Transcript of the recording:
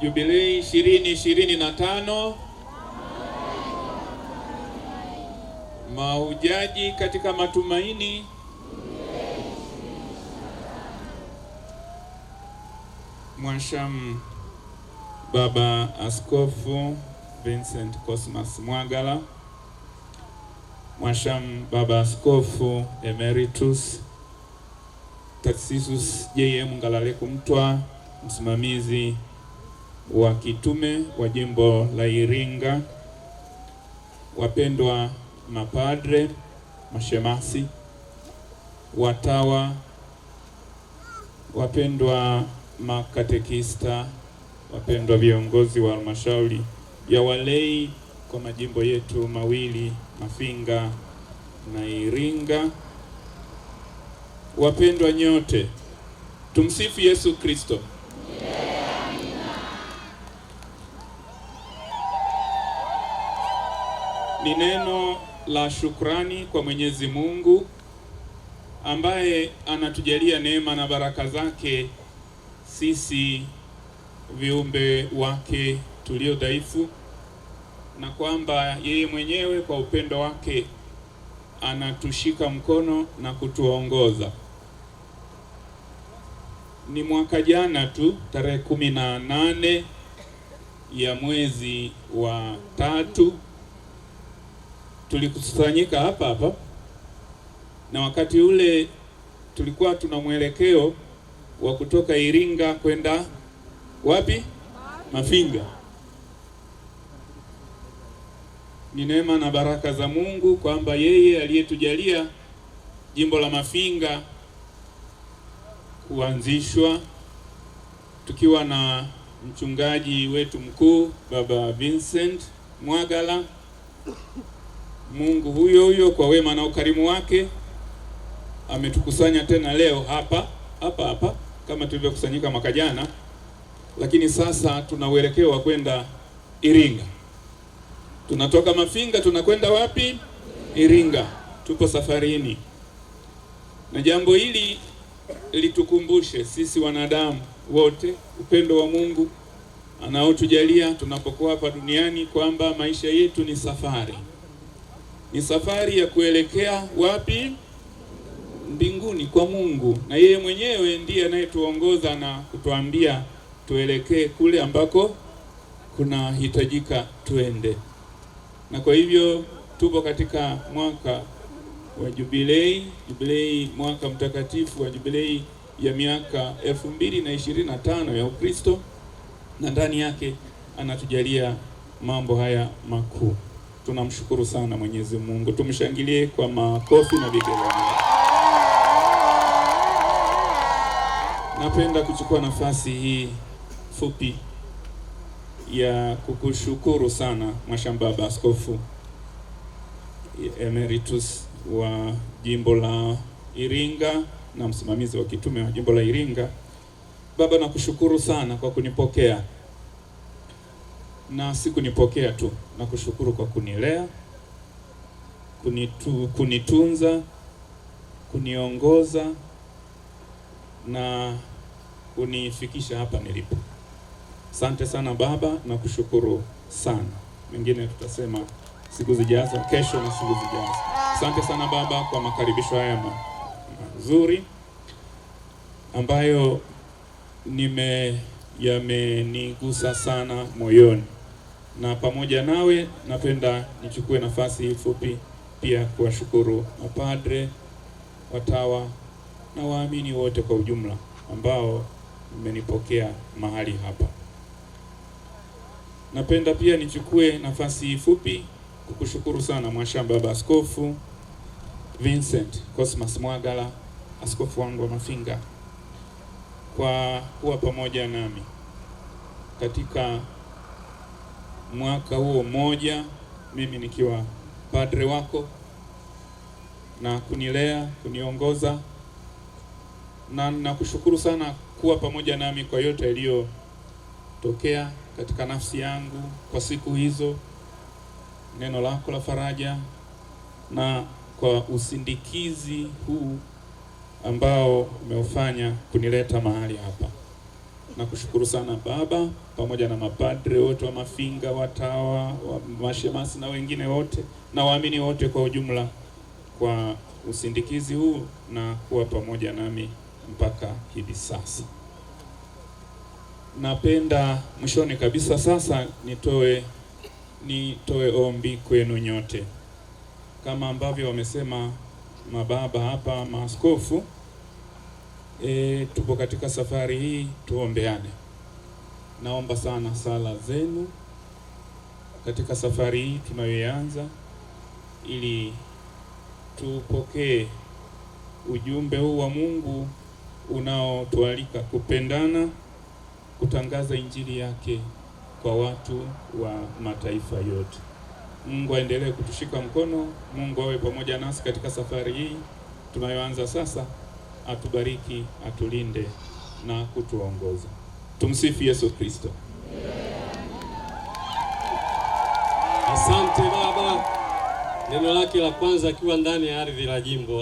Jubilei ishirini na tano mahujaji katika matumaini. Mwashamu Baba Askofu Vincent Cosmas Mwagala, Mwashamu Baba Askofu Emeritus Tacisus J.M. Ngalaleko Mtwa, msimamizi wa kitume wa jimbo la Iringa, wapendwa mapadre, mashemasi, watawa, wapendwa makatekista, wapendwa viongozi wa halmashauri ya walei kwa majimbo yetu mawili Mafinga na Iringa, wapendwa nyote, tumsifu Yesu Kristo. ni neno la shukrani kwa Mwenyezi Mungu ambaye anatujalia neema na baraka zake sisi viumbe wake tulio dhaifu, na kwamba yeye mwenyewe kwa upendo wake anatushika mkono na kutuongoza. Ni mwaka jana tu tarehe kumi na nane ya mwezi wa tatu tulikusanyika hapa hapa, na wakati ule tulikuwa tuna mwelekeo wa kutoka Iringa kwenda wapi? Mafinga. Ni neema na baraka za Mungu kwamba yeye aliyetujalia jimbo la Mafinga kuanzishwa tukiwa na mchungaji wetu mkuu Baba Vincent Mwagala Mungu huyo huyo kwa wema na ukarimu wake ametukusanya tena leo hapa hapa hapa kama tulivyokusanyika mwaka jana, lakini sasa tuna uelekeo wa kwenda Iringa. Tunatoka Mafinga tunakwenda wapi? Iringa. Tupo safarini, na jambo hili litukumbushe sisi wanadamu wote upendo wa Mungu anaotujalia tunapokuwa hapa duniani kwamba maisha yetu ni safari ni safari ya kuelekea wapi? Mbinguni kwa Mungu, na yeye mwenyewe ndiye anayetuongoza na kutuambia tuelekee kule ambako kunahitajika tuende. Na kwa hivyo tupo katika mwaka wa jubilei, jubilei, mwaka mtakatifu wa jubilei ya miaka elfu mbili na ishirini na tano ya Ukristo, na ndani yake anatujalia mambo haya makuu tunamshukuru sana Mwenyezi Mungu, tumshangilie kwa makofi na vigelegele. Napenda kuchukua nafasi hii fupi ya kukushukuru sana Mwashambaba, askofu emeritus wa jimbo la Iringa na msimamizi wa kitume wa jimbo la Iringa. Baba, nakushukuru sana kwa kunipokea na sikunipokea tu na kushukuru kwa kunilea, kunitu, kunitunza, kuniongoza na kunifikisha hapa nilipo. Asante sana Baba, na kushukuru sana. Mengine tutasema siku zijazo, kesho na siku zijazo. Asante sana Baba kwa makaribisho haya mazuri ambayo nime yamenigusa sana moyoni na pamoja nawe, napenda nichukue nafasi hii fupi pia kuwashukuru mapadre, watawa na waamini wote kwa ujumla ambao mmenipokea mahali hapa. Napenda pia nichukue nafasi hii fupi kukushukuru sana Mwashamba, Baba Askofu Vincent Cosmas Mwagala, askofu wangu wa Mafinga, kwa kuwa pamoja nami katika mwaka huo mmoja, mimi nikiwa padre wako na kunilea kuniongoza, na nakushukuru sana kuwa pamoja nami kwa yote yaliyotokea katika nafsi yangu kwa siku hizo, neno lako la faraja na kwa usindikizi huu ambao umeufanya kunileta mahali hapa. Nakushukuru sana baba, pamoja na mapadre wote wa Mafinga, watawa wa mashemasi na wengine wote na waamini wote kwa ujumla, kwa usindikizi huu na kuwa pamoja nami mpaka hivi sasa. Napenda mwishoni kabisa sasa nitoe nitoe ombi kwenu nyote, kama ambavyo wamesema mababa hapa maaskofu e, tupo katika safari hii, tuombeane. Naomba sana sala zenu katika safari hii tunayoanza ili tupokee ujumbe huu wa Mungu unaotualika kupendana, kutangaza injili yake kwa watu wa mataifa yote. Mungu aendelee kutushika mkono. Mungu awe pamoja nasi katika safari hii tunayoanza sasa atubariki, atulinde na kutuongoza. Tumsifu Yesu Kristo. Asante Baba, neno lake la kwanza akiwa ndani ya ardhi la jimbo